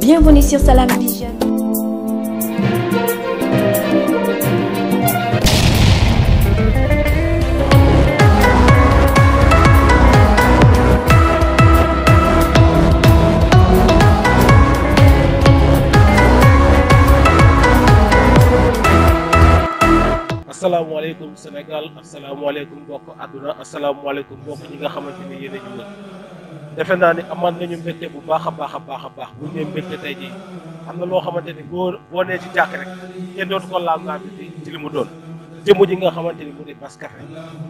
Bienvenue sur Salam Vision. asalaamaaleykum Sénégal asalaamaaleykum mbokk àdduna asalaamaaleykum mbokk ñi nga xamante ni yéen a defe naa ni amaat nañu mbégte bu baax a baax a baax a baax bu ñu nee mbégte tey jii am na loo xamante ni boo boo nee ci jàkk rek kenn dootu ko laal naa li mu doon jëmm ji nga xamante ni mu di Bass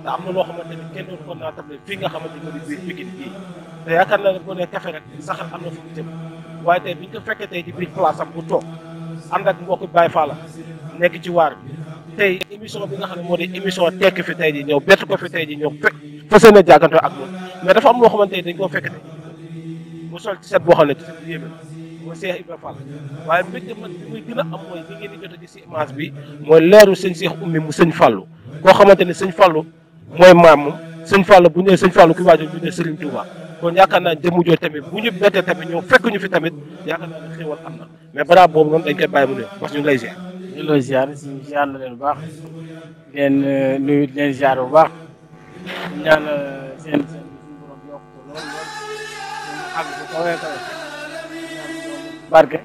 am na loo xamante ni kenn dootu ko naa nga xamante ni mu di biir Pikine bii te yaakaar naa ne boo nee café rek saxar am na fu mu jëm waaye tey bi ñu ko fekkee tey ci biir place am bu toog ànd ak mbokk Baye Fall nekk ci waar bi tey émission bi nga xam ne moo di émission tekki fi tey ji ñëw bett ko fi tey ji ñëw fekk fas yéene jàkkantoo ak moom mais dafa am loo xamante ni dañ koo fekkte mu sol ci set boo xam ne ci set bu yéeme mooy Cheikh waaye mbégte man bi muy gën a am mooy bi ngeen di si image bi mooy leeru sëñ Cheikh ummi mu sëñ Fallou koo xamante ne sëñ Fallou mooy maamam sëñ Fallou bu ñu nee sëñ Fallou ki waajur ñu nee Serigne Touba kon yaakaar naa jëmu jooju tamit bu ñu bettee tamit ñëw fekk ñu fi tamit yaakaar naa ne xéwal am na mais balaa boobu noonu dañ koy bàyyi mu ne parce que ñu lay ziar. ñu la leen bu baax euh, bu baax xam bu kawee kawe barke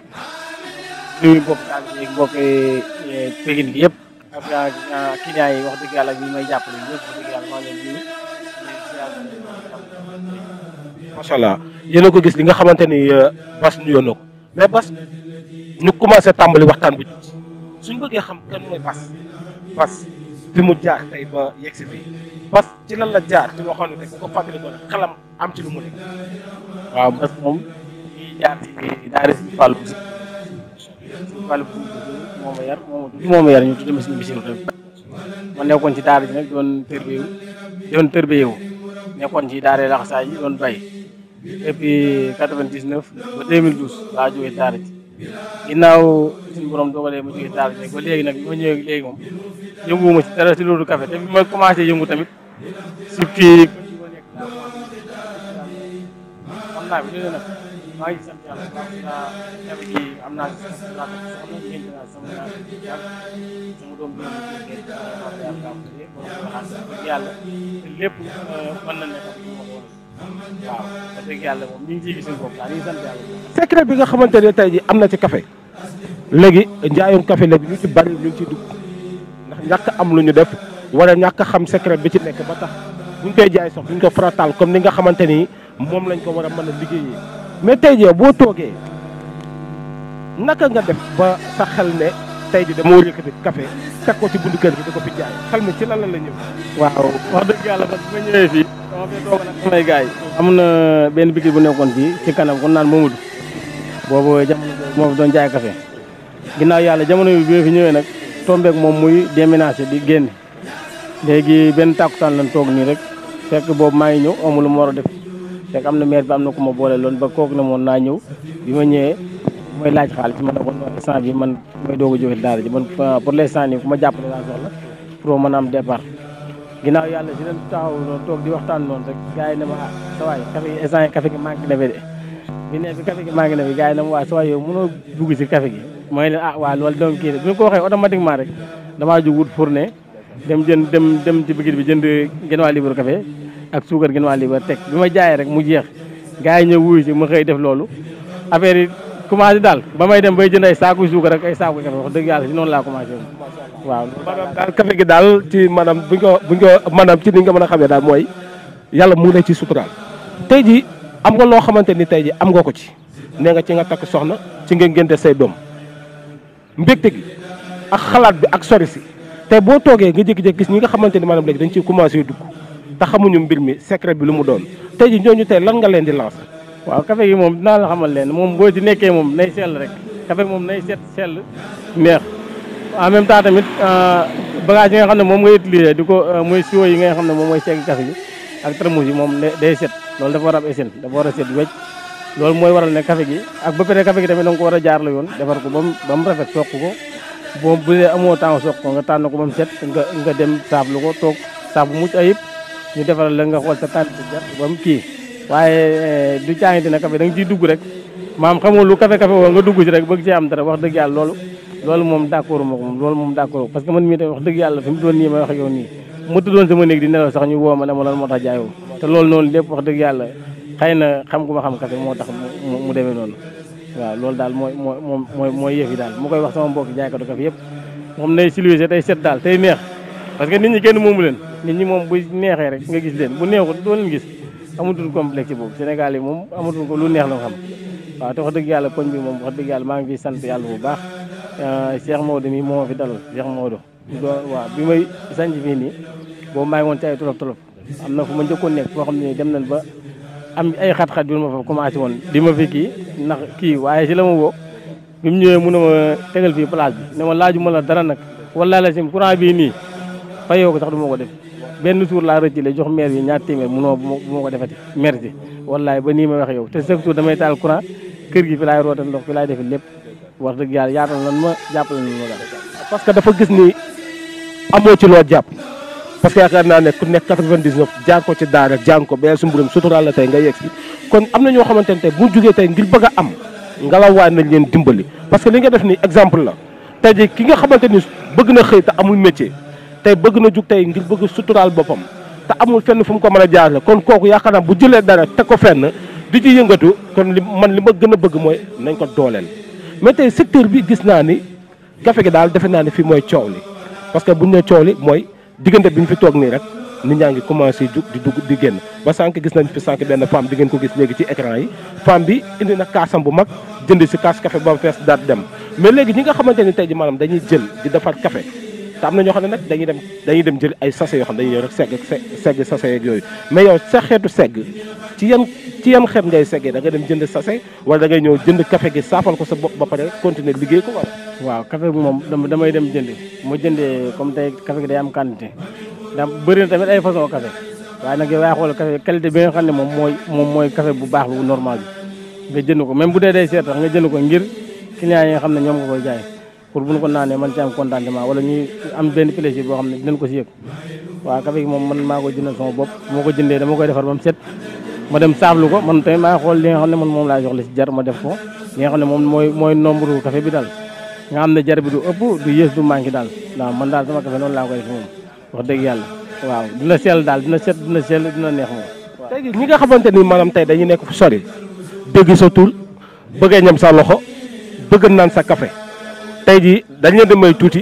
nuyu mbokk daal bi mbokk Pikine gi yëpp ak client yi wax dëgg yàlla ñi may jàppale ñëpp wax dëgg yàlla maa ngi leen nuyu macha allah yéen a ko gis li nga xamante ni euh, Bass nuyoo na ko mais Bass tàmbali waxtaan bi suñ bëggee xam kan mooy Bass fi mu jaar tey ba yegg si fii parce que ci lan la jaar ci loo xam ne bu ko fàttali ko xalam am ci lu mu ne. waaw bas moom ñuy jaar ci daara si fàllu bi fàllu bi moo ma yar moo ma tudd moo ma yar ñu tudd ma suñu bisiru tamit ma nekkoon ci daara ji nag doon tërbeewu doon tërbeewu nekkoon ci daara laxasaa yi doon bay depuis quatre-vingt-dix-neuf ba deux mille douze laa jógee daara ji ginnaaw suñu borom dogalee ma jógee ba léegi nag bi ma ñëwee léegi moom yënguwuma ci dara loolu café te ma commencé yëngu tamit si kii xam yàlla cafe gi na euh, ngi ciy gis seen bopp bi nga xamante ne tey jii am na ci kafe léegi njaayum café léegi ñu ci bari ñu ngi ciy ndax ñàkk am lu ñu def wala ñàkk xam secret bi ci nekk ba tax buñ koy jaay sax duñ ko farataal comme ni nga xamante ni moom lañ ko war a mën a liggéeyee. mais tey jii boo toogee naka nga def ba sax xel ne tey jii dama war yëkkati café teg ko ci buntu kër gi di ko fi jaay xel mi ci lan la ñëw. waaw wax dëgg yàlla man bi ma ñëwee fii. dama samay gars am na benn bikki bu nekkoon fii ci kanam kon naan Momadou. boobu jamono moo fi doon jaay café. ginnaaw yàlla jamono bi bi fi ñëwee nag tombeek moom muy déménager di génn léegi benn tàkkutaan lan toog nii rek fekk boobu maa ngi ñëw amul lu ma war a def fekk am na maire bi am na ku ma boole loon ba kooku ne moon naa ñëw bi ma ñëwee mooy laaj xaalis ma ne ko instant bi man mooy doog a jóge daara ji man euh, pour l'instant nii ku ma jàppale laa soxla pour mën a am départ ginnaaw yàlla si leen taxaw toog di waxtaan noonu rek gars ma ah sa waay café gi instant yi café gi manqué na fi de bi na fi gars yi ne ma dugg si café gi mooy leen ah waaw loolu donc kii bi ñu ko waxee automatiquement rek damaa jóg wut fourne dem jënd dem dem ci bigit bi jënd genn waa libre café ak suukar genn waa libre teg bi ma jaayee rek mu jeex gars yi ñëw wuyu ci ma xëy def loolu affaire yi commencé daal ba may dem bay jënd ay saaku suukar ak ay saaku café wax dëgg yàlla si noonu laa commencé waaw maanaam daal gi daal ci maanaam buñ ko buñ ko maanaam ci ni nga mën a xamee daal mooy yàlla mu ne ci suturaal tey ji am nga loo xamante ni tey ji am nga ko ci nee nga ci nga takk soxna ci nga ngénte say doom mbégte gi ak xalaat bi ak sori si tey boo toogee nga jékki-jékki gis ñi nga xamante ni maanaam léegi dañ ciy commencé dugg te xamuñu mbir mi secret bi lu mu doon tey ji ñooñu tey lan nga leen di lancé. waaw café gi moom dinaa la xamal leen moom boo ci nekkee moom nay sell rek café moom nay set sell neex en même temps tamit euh, bagage yi nga xam ne moom nga utiliser di ko euh, mooy siwo yi nga xam ne moom mooy segg café gi ak thermos yi moom day set loolu dafa war a am essence dafa war a set wecc loolu mooy waral ne kafe gi ak ba pare café gi tamit da ko war a jaar la yoon defar ko bam ba mu rafet soq ko boo bu amoo temps soq ko nga tànn ko ba mu set nga nga dem saablu ko toog saab bu mucc ayib ñu defaral la nga xool sa tànn jar ba mu kii waaye eh, du caangi dina café da nga ciy dugg rek maam xamoo lu café café woo nga dugg ci rek bëgg ci am dara wax dëgg yàlla loolu loolu moom d'accord ko moom loolu moom d'accord parce que man mii tamit wax dëgg yàlla fi mu doon nii may wax yow yàlla xay na xam gu ma xam kese moo tax mu mu noonu waaw loolu daal mooy mooy mooy mooy yëf yi daal mu koy wax sama mbokki jaaykatu kafe yëpp moom nay silwise tey set daal tey neex parce que nit ñi kenn moomu leen nit ñi moom bu neexee rek nga gis leen bu neexul doo leen gis amatul complexe boobu Sénégal yi moom amatul ko lu neex la nga xam waaw te wax dëgg yàlla koñ bi moom wax dëgg yàlla maa ngi fi sant yàlla bu baax euh, moo Maodo mi moo fi dalal Cheikh Maodo waaw bi may sanc fii nii boobu maa ngi woon ci ay trop trop am na ma njëkkoon nekk foo xam ne dem nañ ba am ay xat-xat yu ma fa commencé woon di ma fi kii ndax kii waaye si la ma woo bi mu ñëwee mu ma tegal fii place bi ne ma laaju ma la dara nag wala la sim courant bii nii yow ko sax du ma ko def benn jour laa rëcc la jox maire bi ñaar téeméer munoo bu ma ko defe defati merci wallaay ba nii ma wax yow te chaque jour damay taal courant kër gi fi laay roote ndox fi laay defi lépp wax dëgg yàlla yaatal lan ma jàppale lan ma daal parce que dafa gis ni amoo ci loo jàpp parce que yaakaar naa ne ku nekk 99 jaar ko ci daara jàng ko la tey nga yegg si kon am na ñoo xamante ne tey bu jugee tey ngir bëgg am nga la waay nañ leen dimbali parce que li nga def ni exemple la tey ji ki nga xamante ni bëgg na xëy te amul métier tey bëgg na jug tey ngir bëgg suturaal boppam te amul fenn fu mu ko mën a jaarale kon kooku yaakaar naa bu jëlee dara teg ko fenn di ci yëngatu kon li man li ma gën a bëgg mooy nañ ko dooleel mais tey secteur bi gis naa ni café gi daal defe naa ne fii mooy coow li parce que buñ ne coow li mooy diggante bi ñu fi toog nii rek nit ñaa ngi commencé jug di dugg di génn ba sànq gis nañ fi sànq benn femme di ngeen ko gis léegi ci écran yi femme bi indi na kaasam bu mag jënd si kaas café ba fees daat dem mais léegi ñi nga xamante ni tey ji maanaam dañuy jël di defar café te am na ñoo xam ne nag dañuy dem dañuy dem jël ay sase yoo xam ne dañuy ñëw rek segg segg sase yooyu mais yow sa xeetu segg ci yan ci yan xeet ngay seggee da nga dem jënd sase wala da ngay ñëw jënd kafe gi saafal ko sa bopp ba pare continuer liggéey ko wala waaw kafe bi moom damay dem jënd moo jëndee comme tey café gi day am quantité ndax bëri na tamit ay façon café waaye nag yow yaa xool café qualité bi nga xam ne moom mooy moom mooy café bu baax bu normal bi nga jënd ko même bu dee day seet sax nga jënd ko ngir client yi nga xam ne ñoom nga koy jaay pour bu ñu ko naanee man ci am contentement wala ñuy am benn plaisir boo xam ne dinañ ko si yëg waaw café gi moom man maa ko jëndal sama bopp ma dem saablu ko la si jar ma def ko li nga xam ne moom mooy mooy nombre café bi daal nga xam ne jar bi du ëpp du yées du manqué daal waaw man daal sama café noonu laa koy def moom wax dëgg yàlla waaw dina sell daal dina set dina sell dina neex moom ñi nga xamante ni maanaam tey dañu nekk fu sori dégg sa tur bëggee ñam sa loxo bëgg naan sa café tey jii dañ leen di may tuuti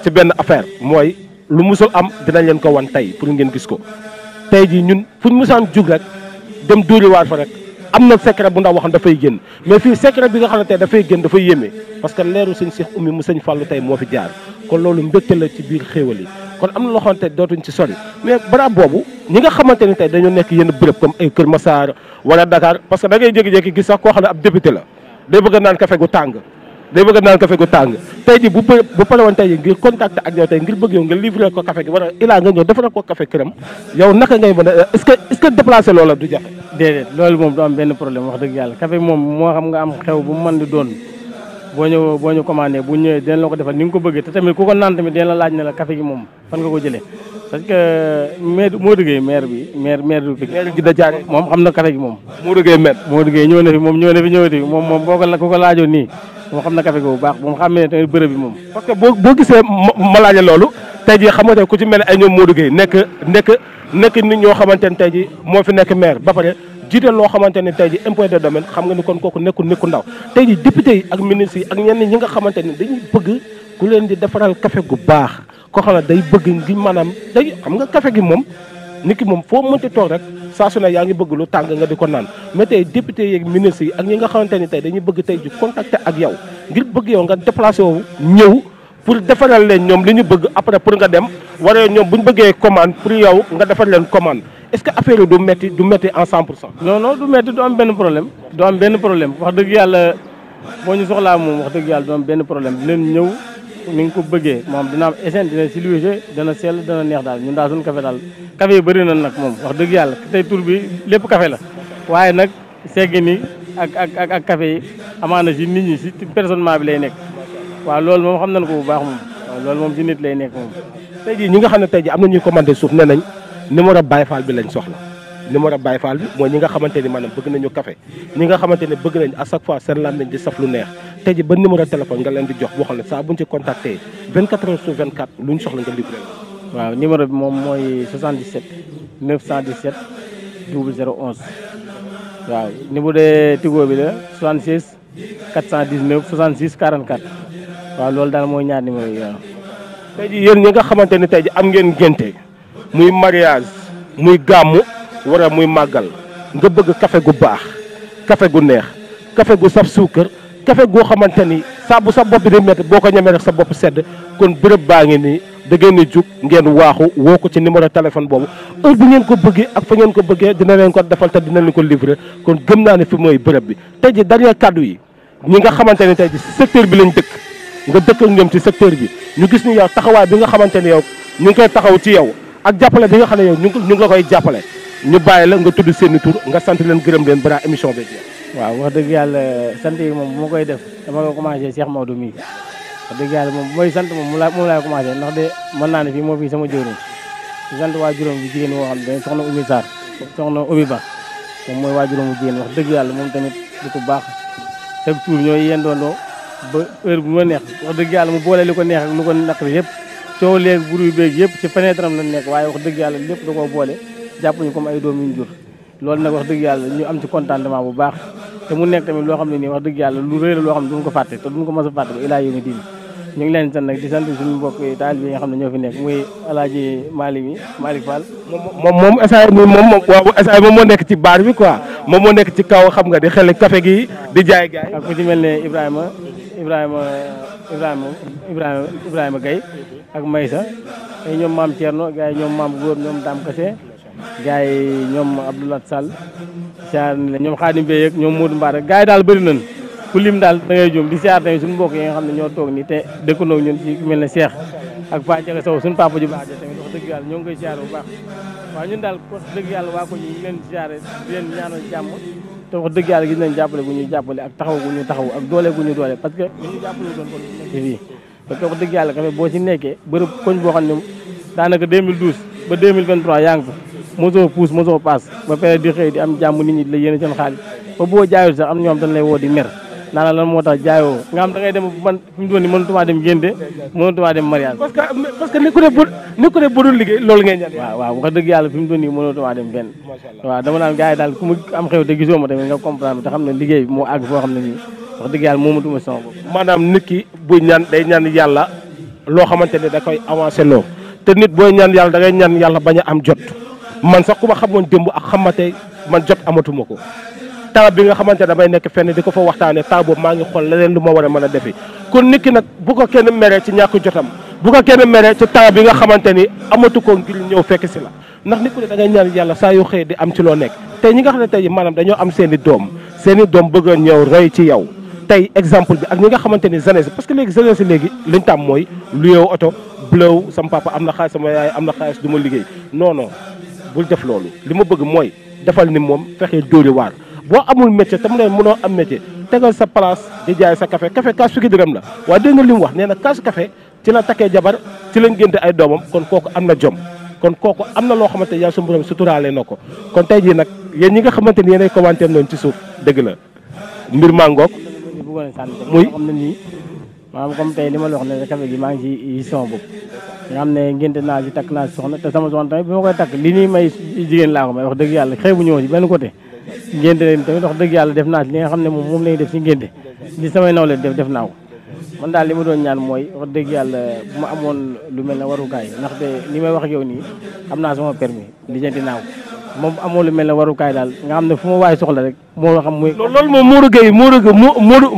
ci benn affaire mooy lu musul am dinañ leen ko wan tey pour ngeen gis ko tey jii ñun fuñ musaan jug rek dem dóoriwaat fa rek am na secret bu ndaw wax dafay génn mais fii secret bi nga xamante ne tey dafay génn dafay yéeme parce que leeru sëñ Cheikh Oumy mu sëñ Fallou tey moo fi jaar kon loolu mbégte la ci biir xéewal yi kon am na loo xamante dootuñ ci sori mais barab boobu ñi nga xamante ni tey dañoo nekk yenn béréb comme ay Kër Massar wala Dakar parce que da ngay jékki-jékki gis koo xam ne ab député la bëgg naan kafe gu tàng day bëgg naan café gu tàng tey ji bu bu pare ji ngir contact ak yow tey ngir bëgg yow nga livré ko café gi wala ilaa nga ñëw defaral ko café këram yow naka ngay mën a est-ce que est-ce que déplacé loola du jafe dëgg yàlla café moom moo xam nga am xew bu mu mën di boo ñëw boo ñu commandé bu ñëwee dinañ ko defal ni nga ko bëggee te tamit ku ko naan tamit dinañ la laaj ne la café gi moom fan nga ko jëlee parce que euh, moo duggee maire bi maire maire du Pikine maire gi moom xam na café gi moom moo duggee maire moo duggee ñëw na fi moom ñëw na fi ñëwati moom moom boo ko ku ko laajoon nii moom xam na kafe gi bu baax moom xam ne tamit bërëb bi moom parce que boo boo gisee ma laaje loolu tey jii xam nga tey ku ci mel ne ay ñoom Modou Gueye nekk nekk nekk nit ñoo xamante ne tey jii moo fi nekk maire ba pare jiite loo xamante ne tey jii xam nga ni kon kooku nekkul nekku ndaw tey jii député yi ak ministre yi ak ñenn ñi nga xamante ne dañuy bëgg ku leen di defaral kafe gu baax koo xam ne day bëgg ngi maanaam day xam nga kafe gi moom nit ki moom foo mënti toog rek saa yaa ngi bëgg lu tàng nga di ko naan mais tey député yeeg ministre yi ak ñi nga xamante tey dañuy bëgg tey ji contacter ak yow ngir bëgg yow nga déplacé wu ñëw pour defaral leen ñoom li ñu bëgg après pour nga dem waree ñoom bu ñu bëggee commande pour yow nga defar leen commande est-ce que affaire yi du metti du metti en 100 pour cent. non non du metti du am benn problème. du am benn problème wax dëgg yàlla boo ñu soxlaa moom wax dëgg yàlla du am benn ni nga ko bëggee moom dina am essence dina civilisé dana sell dana neex daal ñun daal suñu café daal café yi bëri na nag moom wax dëgg yàlla tey tur bi lépp café la waaye nag seggi ni ak ak ak ak café yi amaana si nit ñi si personnellement bi lay nekk waaw loolu moom xam na nañ ko bu baax moom waaw loolu moom si nit lay nekk moom tey jii ñi nga xam ne tey jii am na ñuy commandé suuf ne nañ numéro Baye Fall bi lañ soxla numéro Baye Fall bi moo ñi nga xamante ni maanaam bëgg nañu café ñi nga xamante ne bëgg nañ à chaque fois seen lam nañ di saf lu neex tey ji ba numéro téléphone nga leen di jox boo xam ne saa buñ ci contacté 24 heures sur 24 lu ñu soxla nga livré la. waaw numéro bi moom mooy 77 917 0011 waaw numéro de Tigo bi la 76 419 66 44 waaw loolu daal mooy ñaar numéro yi waaw. ji yéen ñi nga xamante ne tey ji am ngeen ngénte muy mariage muy gàmmu wala muy màggal nga bëgg café gu baax café gu kafe goo xamante ni saa bu sa bopp bi di métti boo ko ñemee rek sa bopp sedd kon bërëb baa ngi nii da ngeen di jug ngeen waaxu woo ko ci numéro téléphone boobu heure bi ngeen ko bëggee ak fa ngeen ko bëggee dina leen ko defal te dina leen ko livrer kon gëm naa ne fi mooy bërëb bi te ji dernier kàddu yi ñi nga xamante ne tey ji secteur bi lañ dëkk nga dëkk ak ñoom ci secteur bi ñu gis ñu yow taxawaay bi nga xamante ne yow ñu ngi koy taxaw ci yow ak jàppale bi nga xam ne yow ñu ngi ñu ngi koy jàppale ñu bàyyi la nga tudd seen i tur sant leen gërëm leen balaa émission bi waaw wax dëgg yàlla sant yi moom bu ma koy def dama ko commencé Cheikh Maodo mii wax dëgg yàlla moom mooy sant moom moom laay commencé ndax de mën naa ne fii moo fi sama jëwriñ sant waa juróom bi jigéen woo xam ne soxna Oumy Sarr soxna Oumy Ba moom mooy waa juróom bu jigéen wax dëgg yàlla moom tamit di ko baax te tuur ñooy yendoondoo ba heure bu ma neex wax dëgg yàlla mu boole li ko neex ak lu ko naqari yëpp coow léegi buru beeg yëpp ci fenêtre am nekk waaye wax dëgg yàlla lépp da koo boole jàpp ñu comme ay doom yu ñu jur loolu nag wax dëgg yàlla ñu am ci contentement bu baax te mu nekk tamit loo xam ne nii wax dëgg yàlla lu rëy la loo xam ne duñ ko fàtte te duñ ko mës a fàtte ba ilaa yéeni diin ñu ngi leen sant nag di sant suñu mbokk nga xam ne ñoo fi nekk muy alaaji Malick mi Malick moom moom moom essay moom moom waaw moom moo nekk ci baar bi ko moom moo nekk ci kaw xam nga di xel café gi di jaay gaay ak ku mel ne Ibrahima Ibrahima Ibrahima Ibrahima Ibrahima Gaye ak Maysa ay ñoom maam Thierno noo yi ñoom maam góor ñoom Dame Kassé gars yi ñoom Abdoulaye Sall siyaar ne ñoom Xaadim Bey ak ñoom Modou Mbaar gars yi daal bëri nañ ku lim daal da ngay juum di siyaar tamit suñu mbokk yi nga xam ne ñoo toog nii te dëkkandoo ñun ci mel ne Cheikh ak Paa Jaga Sow suñu papa ju baax ja tamit yàlla ñoo ngi koy siyaar bu baax waaw ñun daal wax dëgg yàlla waa ko ñu ngi leen siyaare di dëgg yàlla gis nañ jàppale gu ñu jàppale ak taxaw gu ñu taxaw ak doole gu ñu doole parce que bu ñu jàppale dëgg yàlla kafe boo si nekkee bërëb koñ boo xam ne daanaka 2012 ba 2023 yaa ngi fa mosoo puus mosoo paas ba pare di xëy di am jàmm nit ñi di la yéene seen xaalis ba boo jaayul sax am ñoom dañ lay woo di mer naa lan moo tax jaayoo nga xam da ngay dem man fi mu doon nii mënatumaa dem génte mënatumaa dem mariage. parce que parce que ni ku ne bu ni ku ne budul liggéey loolu ngay ñaan. waaw waaw wax dëgg yàlla fi mu doon nii mënatumaa dem benn. waaw dama naan gars yi daal ku mu am xew te gisoo ma tamit nga comprendre te xam ne liggéey moo àgg foo xam ne nii wax dëgg yàlla moomatuma sama bopp. maanaam nit ki buy ñaan day ñaan yàlla loo xamante ne da koy avancé loo te nit booy ñaan yàlla da ngay ñaan yàlla bañ a am jot. man sax ku ma xamoon démb ak xamate man jot amatuma ko temps bi nga xamante damay nekk fenn di ko fa waxtaanee temps maa ngi xool leneen lu ma war a a defi kon nikki ki nag bu ko kenn meree ci ñàkk jotam bu ko kenn meree ci temps bi nga xamante ni amatu ko ngir ñëw fekk si la ndax nit ku ne ñaan yàlla saa yu xëy di am ci loo nekk tey ñi nga xam ne tey dañoo am seen doom seen doom bëgg a ñëw roy ci yow tey exemple bi ak ñi nga xamante ni jeunesse parce que léegi jeunesse léegi liñ tàmm mooy lu oto bleu sama papa am na xaalis sama yaay am na xaalis du ma liggéey non bul def loolu li ma bëgg mooy defal ni moom fexee dóori waar boo amul métier te mu ne mënoo am métier tegal sa place di jaay sa kafe café kaas fukki dërëm la waaye dégg nga li mu wax nee na kaas kafe ci la takkee jabar ci la ngénte ay doomam kon kooku am na jom kon kooku am na loo xamante yàlla su borom suturaale na ko kon tey jii nag yéen ñi nga xamante ni yéenay commenté noonu ci suuf dëgg la mbir maa ngoog muy maanaam comme tey li ma la wax ne café gi maa ngi ci sama bopp nga xam ne ngénte naa ci takk naa ci soxna te sama soxna tamit bi ma koy takk li ñuy may jigéen laa ko may wax dëgg yàlla xëy bu ñëwoon ci benn côté ngénte leen tamit wax dëgg yàlla def naa ci li nga xam ne moom moom la def si ngénte li samay nawle def def naa ko man daal li ma doon ñaan mooy wax dëgg yàlla bu ma amoon lu mel ne warukaay ndaxte li may wax yow nii am naa sama permis lijjanti naa ko moom amoo lu mel ne warukaay daal nga xam ne fu ma waay soxla rek moo xam muy. loolu moom Modou Gueye Modou Gueye Modou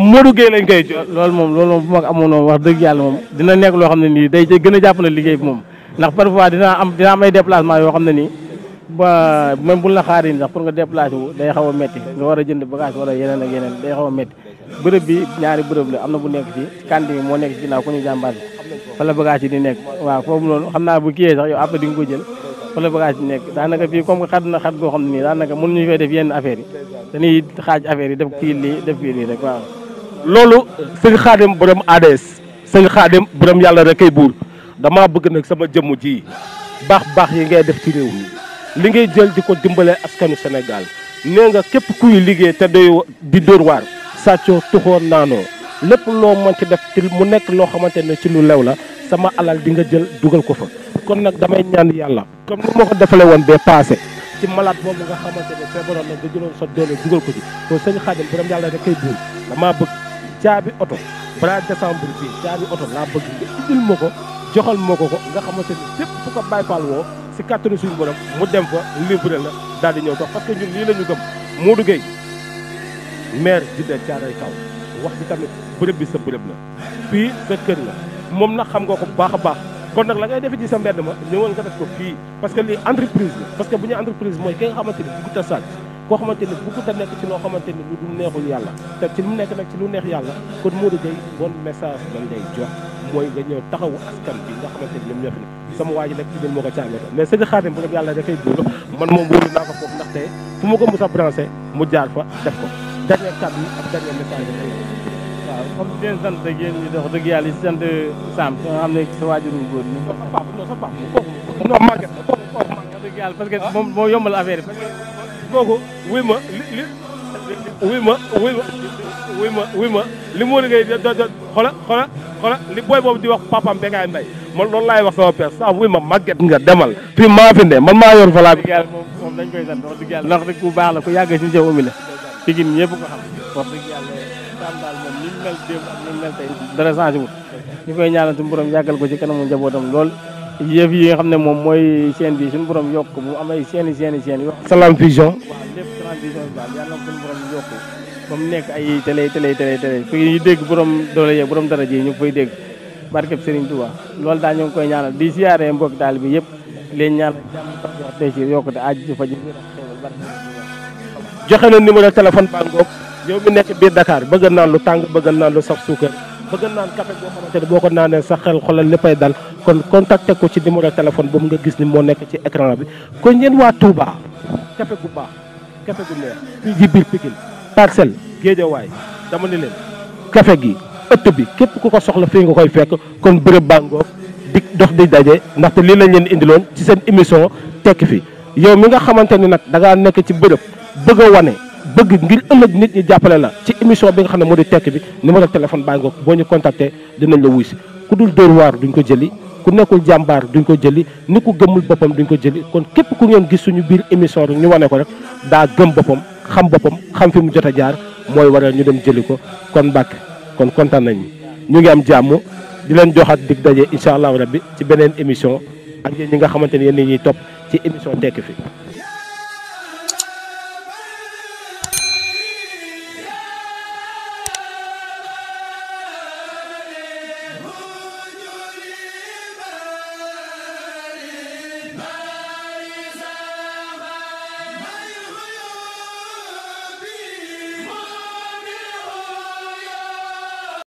loolu moom loolu moom bu ma ko wax dëgg yàlla moom dina nekk loo xam ne nii day gën a jàppale liggéey bi moom ndax parfois dina am dina am ay déplacement yoo xam ne nii ba même bu la xaaree nii ndax pour nga déplacé wu day xaw a métti nga war a jënd bagage wala yeneen ak yeneen day xaw a métti bërëb bi ñaari bërëb la am na bu nekk fii kandi moo nekk ci ginnaaw ku ñu jàmbaar fa nekk waaw foofu noonu xam naa bu kiyee sax yow après di ko jël fa la bagage nekk daanaka fii comme que na xat goo xam ne nii daanaka mënuñu fay def yenn affaire yi dañuy xaaj affaire yi def kii lii def kii lii rek waaw. loolu sëñ Xaadim borom ADS sëñ Xaadim borom yàlla rek kay buur damaa bëgg nag sama jëmm ji baax baax yi ngay def ci réew mi li ngay jël di ko dimbalee ak Sénégal nee nga képp kuy liggéey te doy di dóor waar sàccoo tuxoo naanoo lépp loo mën ci def te mu nekk loo xamante ne ci lu lew la sama alal di nga jël dugal ko fa. kon nag damay ñaan yàlla comme ni ma ko defalee woon bee passé ci malade boobu nga xamante ne feebaroon na nga jëloon sa doole dugal ko ci kon sëñ Xaadim borom yàlla rek kay buur damaa bëgg caabi oto bras décembre fii caabi oto laa ko joxal ma ko ko nga xamante ni fépp ko Baay Faal woo si kattanu suñu borom dem daal di ñëw tax parce que ñun lii la ñu gëm Modou Gueye maire Djidah Thiaroye Kaw wax bi tamit bërëb bi sa bërëb la fii kër la moom na xam nga ko baax a baax kon nag la ngay defe ci sa mbedd ma ñëwal nga def ko fii parce que lii entreprise la parce que bu ñu entreprise mooy ki nga xamante ni buggut a sàcc koo xamante buggut a nekk ci loo xamante lu dul neexul yàlla te ci lu mu nekk nag ci lu neex yàlla kon Modou Gueye bon message lañ lay jox mooy nga ñëw taxawu askan bi nga xamante ni ñoom ñoo fi ne sama waa ji nag ci ñun moo ko caañeeko mais sëñ Xaadim bu def yàlla dafay dund man moom wóolu naa ko foofu ndaxte fu ma ko mos mu jaar fa def ko dernier kàddu yi ak waaw comme di leen sant ak yéen ñi wax dëgg yàlla di sant Samb nga xam ne sa waajur wu góor ñi. non sa papa non sa papa kooku non màgget la kooku kooku màgget dëgg yàlla parce que moom moo yombal affaire yi parce que kooku wuy ma li li wuy ma wuy ma wuy ma wuy ma li mu war a ngay da da xola xola xola li booy boobu di wax papam Bécaye Mbaye man loolu laay wax sama père sa wuy ma màgget nga demal fii maa fi ne man maa yor fa laa bi yàlla moom moom dañ koy sant wax dëgg yàlla ndax rek ku baax la ku yàgg si jëw ami la figin ñëpp ko xam wax dëgg yàlla mel démb ak wut ñu koy ñaanal suñu borom yàggal ko ci kanamu njabootam lool yëf yi nga xam ne moom mooy seen bi suñu borom yokk bu am ay seeni seen i seen i Salam Vision bi daal yàlla nekk ay télé télé télé télé dégg borom doole yee borom dara ji ñu fay dégg barkeb Serigne Touba loolu daal ñu ngi koy ñaanal di siyaare mbokk taal bi yëpp leen ñaan jàmm tey ci yokkute aaj ji fa joxe na numéro téléphone baa ngoog yow mi nekk biir Dakar bëgg naan lu tàng bëgg naan lu sax suukar bëgg naan café boo xamante ne boo ko naanee sa xel xolal léppay dal kon contacté ko ci numéro téléphone boobu nga gis ni moo nekk ci écran bi kon ñeen waa Touba café gu baax café gu neex fii ji biir Pikine Parcelles Guédiawaye dama ne leen café gi ëtt bi képp ku ko soxla fii nga koy fekk kon bërëb bàngoog di dox di daje ndaxte lii lañ leen indiloon ci seen émission tekki fi yow mi nga xamante ni nag da nekk ci bërëb bëgg wane bëgg ngir ëllëg nit ñi jàppale la ci émission bi nga xam ne moo di tekki bi numéro téléphone baa ngoog boo ñu contacté dinañ la wuy si ku dul dóor duñ ko jëli ku nekkul jàmbaar duñ ko jëli ni ku gëmul boppam duñ ko jëli kon képp ku ngeen gis suñu biir émission rek ñu wane ko rek daa gëm boppam xam boppam xam fi mu jot a jaar mooy waral ñu dem jëli ko kon Mbàkke kon kontaan nañ ñu ngi am jàmm di leen joxaat dig daje incha allahu rabbi ci beneen émission ak yéen ñi nga xamante ne yéen ñuy topp ci émission tekk fi